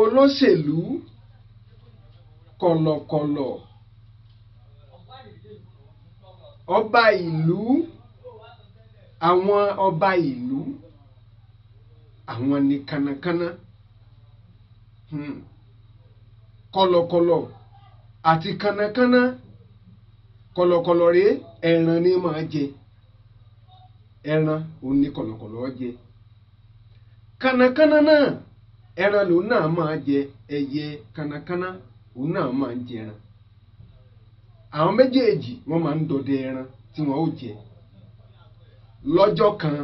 olóṣèlú kọ̀lọ̀kọ̀lọ̀ ọba ìlú àwọn ọba ìlú àwọn ni kànnàkànnà hmm. kọ̀lọ̀kọ̀lọ̀ àti kànnàkànnà kọ̀lọ̀kọ̀lọ̀ rí ẹran ni máa jẹ ẹran òun ni kọ̀lọ̀kọ̀lọ̀ jẹ kànnàkànnà náà. ẹran lòun náà máa jẹ ẹyẹ kánákáná òun náà máa ń jẹran àwọn méjèèjì wọ́n máa ń dọdẹ ẹran tí wọ́n ó jẹ lọ́jọ́ kan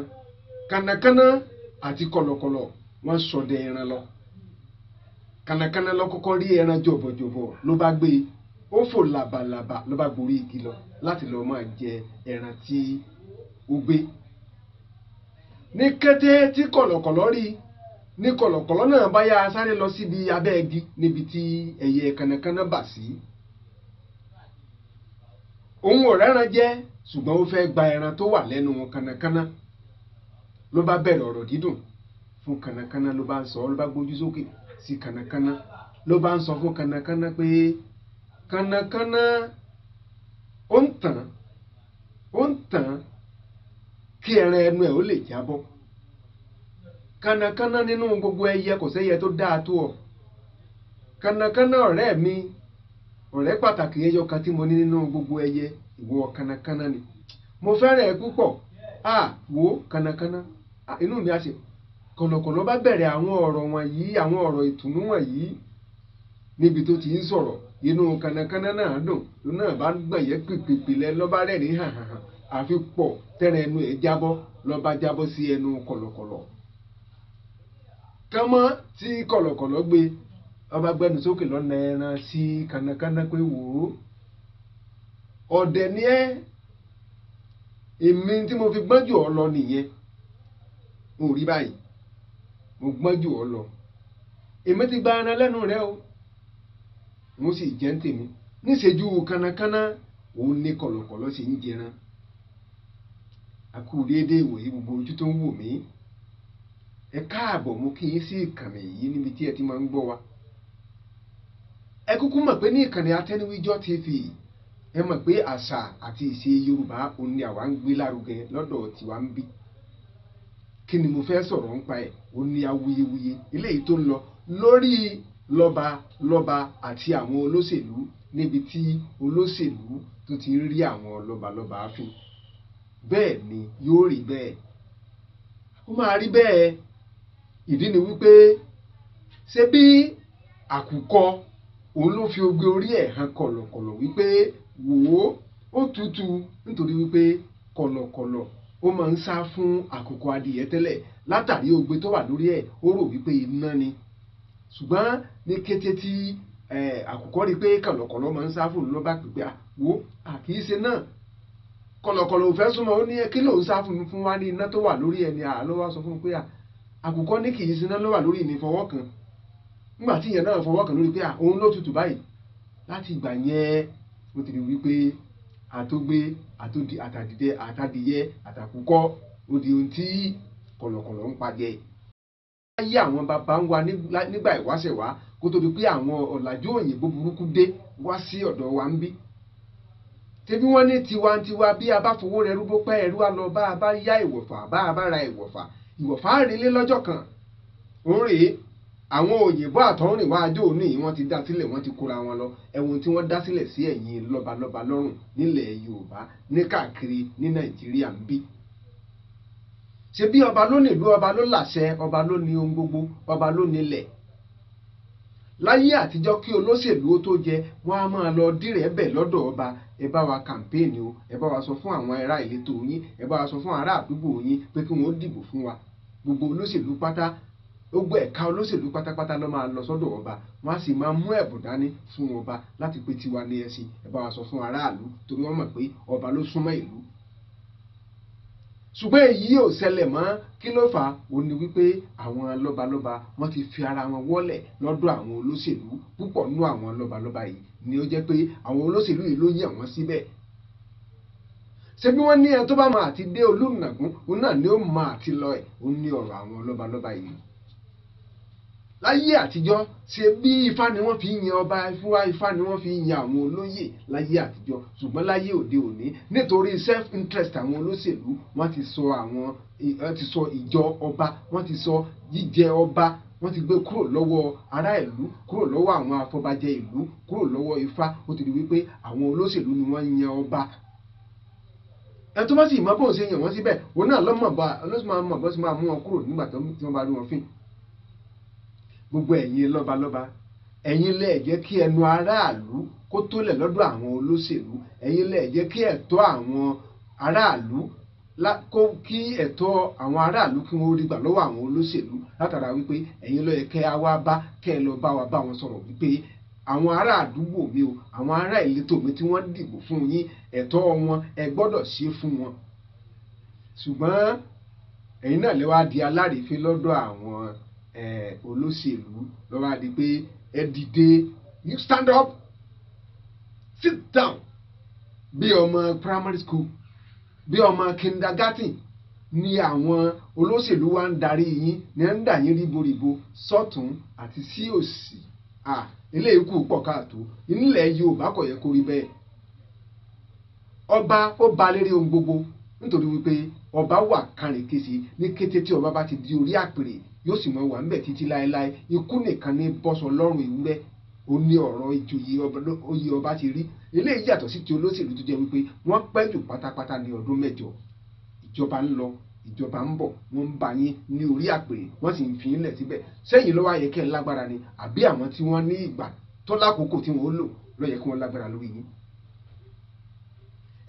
kánákáná àti kọlọkọlọ wọ́n ṣọdẹ ẹran lọ kánákáná lọ kọkọ rí ẹran jọ̀bọ̀jọ̀bọ̀ ló bá gbé e. ó fò làbàlàbà ló bá igi lọ láti lọ máa jẹ ẹran tí ó gbé ní kété tí kọlọkọlọ rí ní kọ̀lọ̀kọ̀lọ̀ náà bá yá sáré lọ síbi abẹ́ igi níbi tí ẹyẹ kànnàkànnà bà sí. òun ò rẹ́ran jẹ ṣùgbọ́n ó fẹ́ gba ẹran tó wà lẹ́nu kànnàkànnà ló bá bẹ̀rẹ̀ ọ̀rọ̀ dídùn fún kànnàkànnà ló bá ń sọ ló bá gbójú sókè sí kànnàkànnà ló bá ń sọ fún kànnàkànnà pé kànnàkànnà ó ń tàn ó ń tàn kí ẹran ẹnu ẹ̀ ó lè jábọ́. kanakana nínú gbogbo ẹyẹ kò séyẹ tó dáa tó ọ kànnàkànnà ọ̀rẹ́ mi ọ̀rẹ́ pàtàkì ẹyọ kan tí mo ní nínú gbogbo ẹyẹ ìwọ ni mo fere ẹ a wo kanakana kànnàkànnà inú mi a se kọ̀nàkọ̀nà bá bẹ̀rẹ̀ àwọn ọ̀rọ̀ wọ̀nyí àwọn ọ̀rọ̀ ìtùnú wọ̀nyí níbi tó ti ń sọ̀rọ̀ inú kànnàkànnà náà dùn lónà bá ń gbọ̀nyẹ́ pìpìpì lẹ lọ́ba rẹ̀ ní hàn hàn àfi pọ̀ tẹ́rẹ̀ ẹnu ẹ̀ kánmọ́ tí kọ̀lọ̀kọ̀lọ̀ gbé ọba gbẹnu sókè lọ́nà ẹran sí kànákànná pé wò ó ọ̀dẹ̀ ni ẹ́ èmi tí mo fi gbọ́n jù ọ lọ nìyẹn ò rí báyìí mo gbọ́n jù ọ lọ èmi ti gba ara lẹ́nu rẹ o mo sì jẹ́ ń tèmi níṣẹ́jú kànákànná òun ní kọ̀lọ̀kọ̀lọ̀ sì ń jẹran a kú déédéé ìwòyí gbogbo ojú tó ń wò mí. ẹ káàbọ̀ mú kí si sí ìkànnì yìí níbi ti máa ń gbọ́ wa. ẹ kúkú ni pé ní ìkànnì Atẹ́niwíjọ́ TV ẹ mọ̀ pé àṣà àti ìṣe Yorùbá òun ni àwa ń gbé lárugẹ lọ́dọ̀ tiwa ń bí. kí ni mo fẹ́ sọ̀rọ̀ nípa ẹ̀ òun ni awuyewuye eléyìí tó ń lọ lórí lọ́ba lọ́ba àti àwọn olóṣèlú níbi tí olóṣèlú tó ti rí àwọn lọ́balọ́ba fún bẹ́ẹ̀ ni yóò rí bẹẹ ó máa rí bẹ́ẹ̀ ìdí ni wípé ṣé bí àkùkọ òun ló fi ogbe orí ẹ hàn kọlọkọlọ wípé wò ó ó tutù nítorí wípé kọlọkọlọ ó máa ń sá fún àkùkọ adìyẹ tẹ́lẹ̀ látàrí ogbe tó wà lórí ẹ ó rò wípé iná ni ṣùgbọ́n ní kété tí àkùkọ rí pé kọ̀lọ̀kọ̀lọ̀ máa ń sá fún ló bá pèpè àwò àkìíṣe náà kọlọkọlọ ò fẹ́ súnmọ́ ó ní kí ló ń sá fún wa ní iná tó wà lórí ẹ ni àlọ́ wá sọ fún un pé àkùkọ ní kì í siná ló wà lórí mi fọwọ́ kan nígbà tí ìyẹn náà fọwọ́ kan lórí pé òun ló tutù báyìí láti ìgbà yẹn mo ti rí wípé àtógbé àtòdì àtàdìdẹ àtàdìyẹ àtàkùkọ ó di ohun tí kọ̀lọ̀kọ̀lọ̀ ń pagẹ. láyé àwọn bàbá ń wa nígbà ìwáṣẹ̀ wá kó tó di pé àwọn ọ̀làjú òyìnbó burúkú dé wá sí ọ̀dọ̀ wa ń bí. tẹ́bí wọ́n ní tiwantiwa bí a bá fowó rẹ̀ rúbó pẹ́ wa lọ bá a bá yá ìwọ̀fà bá a bá ra ìwọ̀fà ìwọ̀fà àrílé lọ́jọ́ kan ń rèé àwọn òyìnbó àtọ́rìnwá ajé òní yìí wọ́n ti dá sílẹ̀ wọ́n ti kóra wọn lọ ẹ̀wọ̀n tí wọ́n dá sílẹ̀ sí ẹ̀yìn lọ́balọ́ba lọ́rùn nílẹ̀ yorùbá ní káàkiri ní nàìjíríà ń bí. ṣé bí ọba ló nílùú ọba ló làṣẹ ọba ló ní ohun gbogbo ọba ló nílẹ̀. láyé àtijọ́ kí olóṣèlú ó tó jẹ wọ́n á máa lọ dírẹ̀ bẹ̀ lọ́dọ̀ ọba ẹ bá wa kàmpéènì o ẹ bá wa sọ fún àwọn ará ìletò yín ẹ bá wa sọ fún ará àdúgbò yín pé kí wọ́n dìbò fún wa gbogbo olóṣèlú pátá gbogbo ẹ̀ka olóṣèlú pátápátá ló máa lọ sọ́dọ̀ ọba wọn á sì máa mú ẹ̀bùn dání fún ọba láti pé tiwa ní ẹ̀sìn ẹ bá wa sọ fún aráàlú torí wọ́n mọ̀ pé ọba ló súnmọ́ ìlú. ṣùgbọ́n èyí ò ṣẹlẹ̀ mọ́ kí ló fà á ó ní wípé àwọn lọ́balọ́ba wọ́n ti fi ara wọn wọ́lẹ̀ lọ́dọ̀ àwọn olóṣèlú púpọ̀ nú àwọn lọ́balọ́ba yìí ni ó jẹ́ pé àwọn olóṣèlú yìí ló yẹ̀ wọ́n síbẹ̀ Sebi bí wọ́n ní ẹ tó bá máa ti dé olùnàgún òun náà ni ó máa ti lọ ẹ̀ òun ní ọ̀rọ̀ àwọn lọ́balọ́ba yìí láyé àtijọ́ sebi bí ifá ni wọ́n fi ń yan ọba ifá ifá ni wọ́n fi ń yan àwọn olóyè láyé àtijọ́ ṣùgbọ́n láyé òde òní nítorí self interest àwọn olóṣèlú wọ́n ti sọ àwọn wọ́n ti sọ ìjọ ọba wọ́n ti sọ jíjẹ ọba wọ́n ti gbé kúrò lọ́wọ́ ará ìlú kúrò lọ́wọ́ àwọn afọbajẹ ìlú kúrò lọ́wọ́ ifá ó ti di wípé àwọn olóṣèlú ni wọ́n ń yan ọba ẹ tó bá sì mọ bóun ṣe yàn wọ́n síbẹ̀ òun náà lọ́mọ̀gbà ọlọ́sùnmọ̀gbọ́n sì máa mú wọn kúrò nígbà tí wọ́n bá rí wọn fín gbogbo ẹ̀yin lọ́balọ́ba ẹ̀yin lẹ jẹ́ kí ẹnu aráàlú kó tólẹ̀ lọ́dọ̀ àwọn olóṣèlú ẹ̀yin lẹ jẹ́ kí ẹ̀tọ́ àwọn aráàlú kó kí ẹ̀tọ́ àwọn aráàlú kí wọ́n rí gbà lọ́wọ́ àwọn olóṣèlú látara wípé ẹ̀yin ló yẹ kẹ́ á wá bá kẹ́ ẹ lọ bá wa bá wọn sọ̀rọ̀ wípé àwọn ará àdúgbò mi o àwọn ará ìletò mi tí wọ́n dìbò fún yín ẹ̀tọ́ wọn ẹ gbọ́dọ̀ ṣe fún wọn ṣùgbọ́n ẹ̀yin náà lè wá di alárefe lọ́dọ̀ àwọn olóṣèlú ló wá di pé ẹ dìde you stand up sit down bí ọmọ primary school bí ọmọ kindergarten ni àwọn olóṣèlú wa ń darí yín ni ẹ̀ ń dà yín ríboríbo sọ́tún àti sí òsì. Ah ilé ikú pọ̀ káàtó nílẹ̀ Yorùbá kò yẹ kó rí bẹ́ẹ̀ ọba ó ba lérí ohun gbogbo nítorí wípé ọba wà kárìnkèsì ní kété tí ọba bá ti di orí àpèrè yóò sì mọ wà ńbẹ̀ títí láéláé ikú nìkan ní bọ́sọ lọ́rùn ewúrẹ́ ó ní ọ̀rọ̀ ìjòyè oyè ọba ti rí eléyìí yàtọ̀ sí ti olóṣèlú tó jẹ́ wípé wọ́n pẹ́ jù pátápátá ní ọdún mẹ́jọ ìjọba ń lọ ìjọba ń bọ̀ wọ́n ń bá yín ní orí àpèrè wọ́n sì ń fi yín lẹ̀ síbẹ̀ sẹ́yìn ló wá kẹ́ ẹ̀ lágbára ni àbí àwọn tí wọ́n ní ìgbà tó lákòókò tí wọ́n lò ló yẹ kí wọ́n lágbára lórí yín.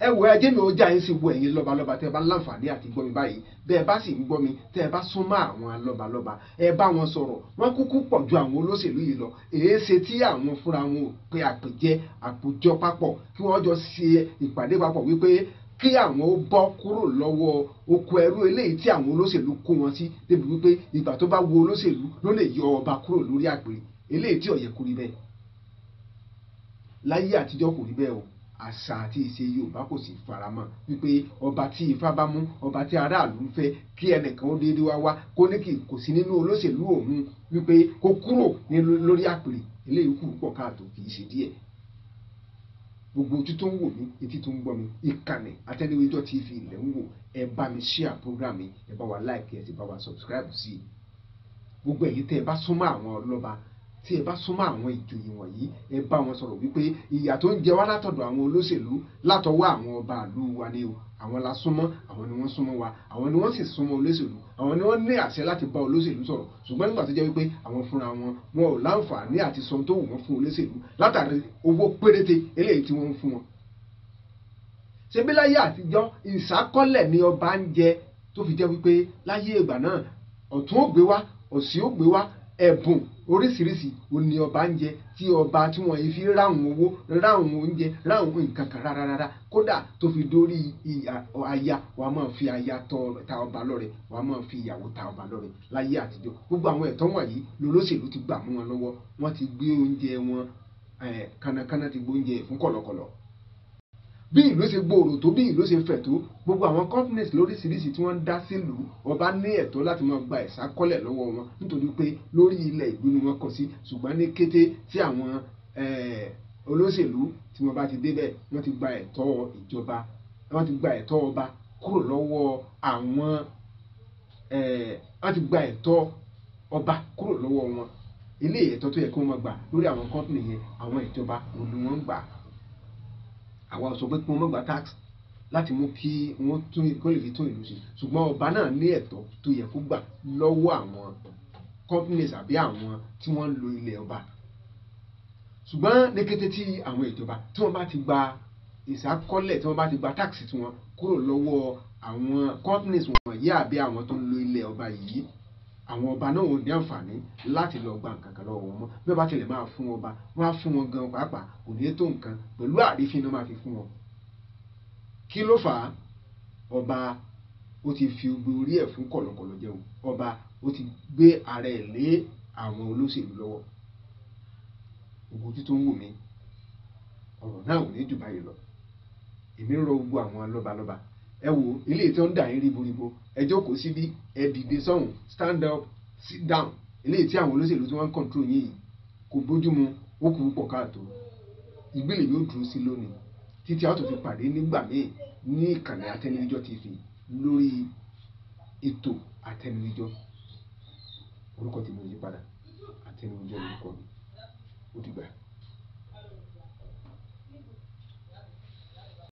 ẹ wò ẹ jẹ́ mi ó já yín sí wo ẹ̀yin lọ́balọ́ba tẹ́ ẹ bá láǹfààní àti gbọ́ mi báyìí bẹ́ ẹ bá sì ń gbọ́ mi tẹ́ ẹ bá súnmọ́ àwọn lọ́balọ́ba ẹ bá wọn sọ̀rọ̀ wọ́n kúkú pọ̀ ju àwọn olóṣèlú yìí lọ èéṣe tí àwọn fúnra wọn pe àpèjẹ àpòjọ papọ̀ kí wọ́n jọ ṣe ìpàdé papọ̀ wípé kí àwọn ó bọ́ kúrò lọ́wọ́ oko ẹrú eléyìí tí àwọn olóṣèlú kó wọn sí débi wípé ìgbà tó bá wo olóṣèlú ló lè yọ ọba kúrò lórí àgbèrè eléyìí tí ó yẹ rí bẹ́ẹ̀ láyé àtijọ́ kò rí bẹ́ẹ̀ o àṣà àti ìṣe yorùbá kò sì faramọ́ wípé ọba tí ifá bá mú ọba tí aráàlú ń fẹ́ kí ẹnìkan ó déédé wá wá kó ní kí kò sí nínú olóṣèlú òun wípé kó kúrò lórí àpèrè eléyìí kù pọ̀ káàtó kì í ṣe díẹ̀ gbogbo ojú tó ń wò mí etí tó ń gbọ́ mi ìkànnì àtẹniwéjọ́ tv ilẹ̀ ń wò ẹ bá mi share program mi ẹ bá wa like ẹ sì bá wa subscribe sí i gbogbo ẹ̀yin tẹ́ ẹ bá súnmọ́ àwọn ọlọ́ba tí ẹ bá súnmọ́ àwọn ìjòyè wọ̀nyí ẹ bá wọn sọ̀rọ̀ wípé ìyà tó ń jẹ wá látọ̀dọ̀ àwọn olóṣèlú látọwọ́ àwọn ọba ìlú wa ni o àwọn la súnmọ́ àwọn ni wọ́n súnmọ́ wa àwọn ni wọ́n sì súnmọ́ olóṣèlú àwọn ni wọ́n ní àṣẹ láti bá olóṣèlú sọ̀rọ̀ ṣùgbọ́n nígbà tó jẹ́ wípé àwọn fúnra wọn wọn ò láǹfààní àti sọ tó wù wọ́n fún olóṣèlú látàrí owó péréte eléyìí tí wọ́n ń fún wọn. ṣebí láyé àtijọ́ ìṣákọ́lẹ̀ ni ọba ń jẹ tó fi jẹ́ wípé láyé ìgbà náà ọ̀tún ó gbé wá òsì ó ẹ̀bùn oríṣiríṣi òní ọba ń jẹ tí ọba tí wọ́n yìí fi ráhùn owó ráhùn oúnjẹ ráhùn nǹkan kan rárá kódà tó fi dórí aya wàá máa fi aya ta ọba lọ́rẹ wàá máa fi ìyàwó ta ọba lọ́rẹ láyé àtijọ́ gbogbo àwọn ẹ̀tọ́ wọ̀nyí lolóṣèlú ti gbà mú wọn lọ́wọ́ wọ́n ti gbé oúnjẹ wọn kànnàkànnà ti gbóúnjẹ fún kọ̀lọ̀kọ̀lọ̀ bí ìlú ṣe gbòòrò tó bí ìlú ṣe fẹ̀ tó gbogbo àwọn companies lóríṣiríṣi tí wọ́n ń dá sílùú ọba ní ẹ̀tọ́ láti máa gba ìsákọ́lẹ̀ lọ́wọ́ wọn nítorí pé lórí ilẹ̀ ìlú ni wọ́n kọ sí ṣùgbọ́n ní kété tí àwọn eh, olóṣèlú tí wọ́n bá ti débẹ̀ wọ́n ti gba ẹ̀tọ́ ìjọba wọ́n ti gba ẹ̀tọ́ ọba kúrò lọ́wọ́ àwọn eh, wọ́n ti gba ẹ̀tọ́ ọba kúrò lọ́wọ́ wọn ilé ẹ̀tọ́ tó yẹ kí wọ́n máa gbà lórí àwọn company yẹn àwọn ìjọba òun ni wọ́n ń gbà á àwa sọ pé kí wọ́n má gba tax láti mú kí wọ́n tún kó lè fi tún ìlú ṣe ṣùgbọ́n ọba náà ní ẹ̀tọ́ tó yẹ kó gbà lọ́wọ́ àwọn companies àbí àwọn tí wọ́n ń lo ilẹ̀ ọba ṣùgbọ́n ní kété tí àwọn ìjọba tí wọ́n bá ti gba ìṣàkọọ́lẹ̀ tí wọ́n bá ti gba tax tiwọn kúrò lọ́wọ́ àwọn companies wọ̀nyí àbí àwọn tó lo ilẹ̀ ọba yìí àwọn ọba náà ò ní àǹfààní láti lọ gba nǹkan kan lọ́wọ́ wọn mọ́ bí wọ́n bá tilẹ̀ máa fún ọba wọ́n á fún wọn gan pàápàá kò ní tó nǹkan pẹ̀lú àrífín náà máa fi fún wọn. kí ló fà á ọba ó ti fi gbé orí ẹ̀ fún kọ̀lọ̀kọ̀lọ̀ jẹun ọba ó ti gbé ara ẹ̀ lé àwọn olóṣèlú lọ́wọ́ ògùn tí tó ń wù mí ọ̀rọ̀ náà ò ní jù lọ èmi ń rọ gbogbo àwọn lọ́balọ́ba ẹ wò ilé tí ó ń dà yín ríboríbo ẹ jókòó síbí ẹ dìde sọ́hùn stand up sit down ilé tí àwọn olóṣèlú tí wọ́n ń control yín yìí kò bójúmu ó kù pọ̀ káàtó ìgbélẹ̀ yóò dúró sí lónìí títí a ó tún fi pàdé nígbà míì ní ìkànnì àtẹnudíjọ́ TV lórí ètò àtẹnudíjọ́ orúkọ tí mo yí padà àtẹnudíjọ́ orúkọ mi ó dìgbà.